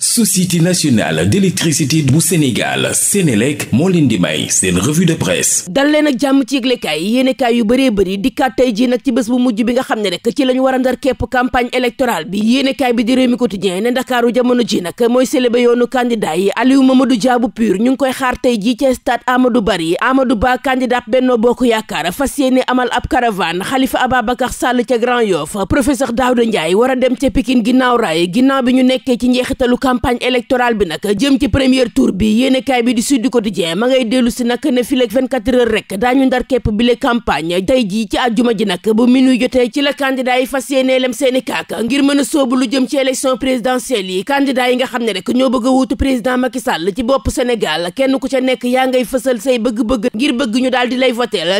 société nationale d'électricité bu Sénégal Sénélec moo leen di may seen revue de presse dal ak jàmm ci yëglekaay yéenekaay yu bëree bëri dikkaat tey ji nag ci bés bu mujj bi nga xam ne rek ci la ñu war a ndar képp campagne électorale bi yéenekaay bi di Rewmi Quotidien ne Ndakaaru jamono ji nag mooy célébé yoonu candidat yi Aliou Mamadou Dia bu PUR ñu ngi koy xaar tey ji ci stade Amadou Barry Amadou Ba candidat Benno Bokk Yaakaar fas a dem ca campagne électorale bi nag jëm ci premier tour bi yéenekaay bi di Sud Quotidien ma ngay dellu si nag ne fileeg 24 heures rek daañu ndar képp bile campagne tey jii ci àjjuma ji nag bu minuy jotee ci la candidat yi fas yéenee seeni kaak ngir mën a soobu lu jëm ci élection présidentielle yi candidat yi nga xam ne rek ñoo bëgg a wuutu président Macky Sall ci bopp Sénégal kenn ku ca nekk yaa ngay fësal say bëgg-bëgg ngir bëgg ñu daal di lay votel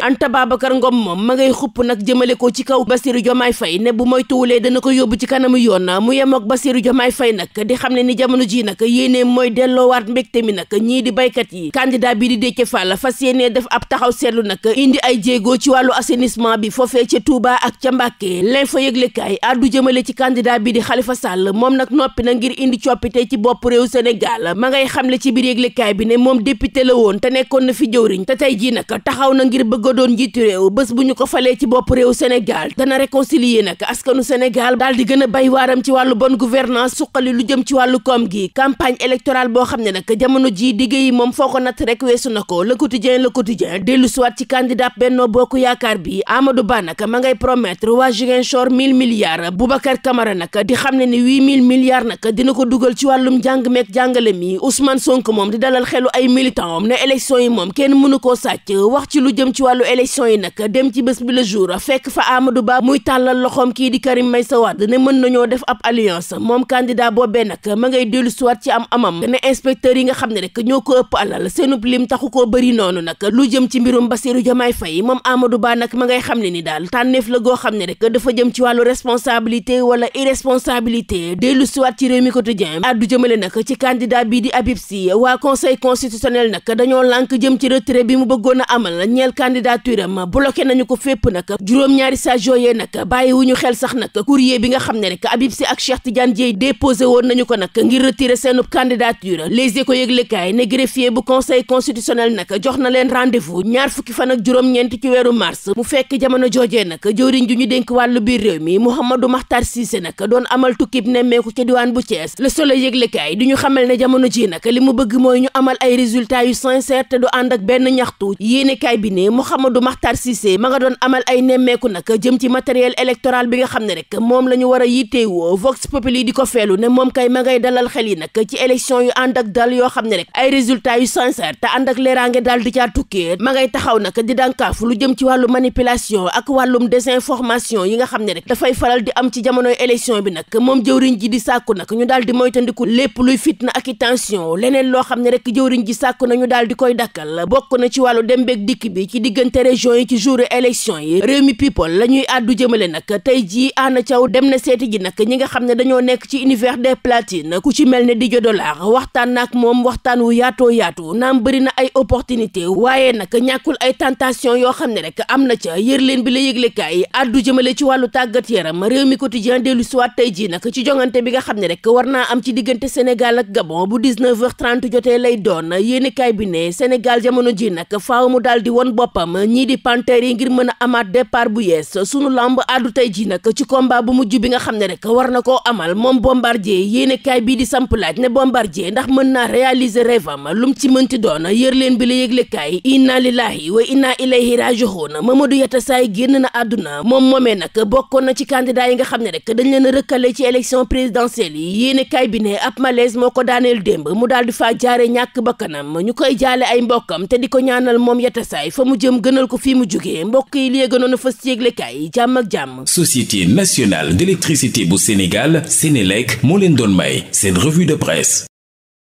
yi Anta Babacar Ngom moom ma ngay xupp nag jëmale ko ci kaw Bassirou Diomaye fay ne bu moy moytuwulee dana ko yóbbu ci kanamu yoon mu yem ak Bassirou Diomaye Faye nag di xam ne ni jamono ji nag yéenee mooy delloowaat mbégte mi nag ñii di baykat yi candidat bi di Déthié Fall fas yéenee def ab taxaw seetlu nag indi ay jéego ci wàllu assainissement bi foofee ca Touba ak ca Mbàkke l'info yëglekaay addu jëmale ci candidat bi di Khalifa sàll moom nag noppi na ngir indi coppite ci bopp réew Sénégal ma ngay xamle ci biir yëglekaay bi ne moom député woon te nekkoon na fi jëwriñ te tey jii nag taxaw na ngir bëgg bëgg a njiitu réew bés bu ñu ko falee ci bopp réew Sénégal dana réconcilier nag askanu Sénégal daal di gën a bay waaram ci wàllu bonne gouvernance suqali lu jëm ci wàllu koom gi ko natt rek weesu na ko le quotidien le quotidien dellu siwaat ci candidat Benno Bokk Yaakaar bi Amadou Ba nag ma ngay promettre waa Ziguinchor mille milliards Boubacar Camara nag di xam ne ni huit mille milliards nag dina ko dugal ci wàllum njàng meeg jàngale mi Ousmane Sonko moom di dalal xelu ay militant am ne élection yi moom kenn wàllu élection yi nag dem ci bés bi le jour fekk fa Amadou Ba muy tàllal loxoom kii di Karim Meïssa Wade ne mën nañoo def ab alliance moom candidat boobee nag ma ngay dellu siwaat ci am amam ne yi nga xam ne rek ñoo ko ëpp alal seenub lim taxu koo bëri noonu nag lu jëm ci mbirum Bassirou Diomaye Faye moom Amadou Ba nag ma ngay xam ne ni daal tànneef la goo xam ne rek dafa jëm ci wàllu responsabilité wala irresponsabilité dellu siwaat ci réew mi quotidien addu jëmale nag ci candidat bii di Habib Sy waa conseil constitutionnel nag dañoo lànk jëm ci retrait bi mu bëggoon a amal ñeel candidat candidature am bloqué nañu ko fépp nag juróom-ñaari sages yooyee nag bàyyi wu ñu xel sax nag courrier bi nga xam ne rek Habib Sy ak Cheikh Tidiane Dièye déposé woon nañu ko nag ngir retirer seenub candidature les échos yëglekaay ne greffier bu conseil constitutionnel nag jox na leen rendez-vous ñaar fukki fan ak juróom-ñeent ci weeru mars mu fekk jamono joojee nag jëwriñ ju ñu dénk wàllu biir réew mi Mouhamadou Makhtar Cissé nag doon amal tukkib nemmeeku ca diwaan bu Thiès le soleil yëglekaay di ñu xamal ne jamono ji nag li mu bëgg mooy ñu amal ay résultats yu sincère te du ànd benn ñaxtu yéenekaay Mouhamadou Makhtar Cissé ma nga doon amal ay nemmeeku nag jëm ci matériel électoral bi nga xam ne rek moom la ñu war a yitteewoo Vox Populi di ko feelu ne moom kay ma ngay dalal xel yi nag ci élection yu ànd ak yoo xam ne rek ay résultats yu sincère te ànd ak leeraange daal di caa tukkee ma ngay taxaw nag di dànkaaf lu jëm ci wàllu manipulation ak wàllum désinformation yi nga xam ne rek dafay faral di am ci jamonoy élection bi nag moom jëwriñ ji di sàkku nag ñu daal di moytandiku lépp luy fitna ak i tension leneen loo xam ne rek jëwriñ ji sàkku na ñu daal di koy dakkal bokk na ci wàllu dem beeg dikk bi ci digg diggante région yi ci jouru élection yi réew mi people la ñuy àddu jëmale nag tey jii Anna Thiaw dem na seeti ji nag ñi nga xam ne dañoo nekk ci univers des platines ku ci mel ne Didio Dollar waxtaan nag moom waxtaan wu yaatoo yaatu naam bëri na ay opportunité waaye nag ñàkkul ay tentation yoo xam ne rek am na ca yër leen bi la yëglekaay àddu jëmale ci wàllu tàggat yaram réew mi quotidien dellu siwaat tey jii nag ci jongante bi nga xam ne rek war naa am ci diggante Sénégal ak Gabon bu 19h30 jotee lay ji nag ma ñii di panthère yi ngir mën a amaat départ bu yees sunu lamb àddu tey ji nag ci combat bu mujj bi nga xam ne rek war na koo amal moom bombardier yéene kaay bii di samp laaj ne bombardier ndax mën naa réaliser rêve am lu mu ci mënti doon yër leen bi la yëgle kaay inna lillahi wa inna ilayhi raji'un Mamadou Yatassay génn na àdduna moom moomee nag bokkoon na ci candidat yi nga xam ne rek dañ leen rëkkale ci élection présidentielle yi yéene kaay bi ne ab malaise ko daaneel démb mu daal di faa jaare ñàkk bakkanam ñu koy jaale ay mbokkam te di ko ñaanal moom Yatassay fa mu jëm gënal ko fii mu jóge mbokk yi lee gënoon a fas yéeglekaay yi jàmm ak jàmm société nationale d'électricité bu Sénégal Sénélec moo leen doon may seen revue de presse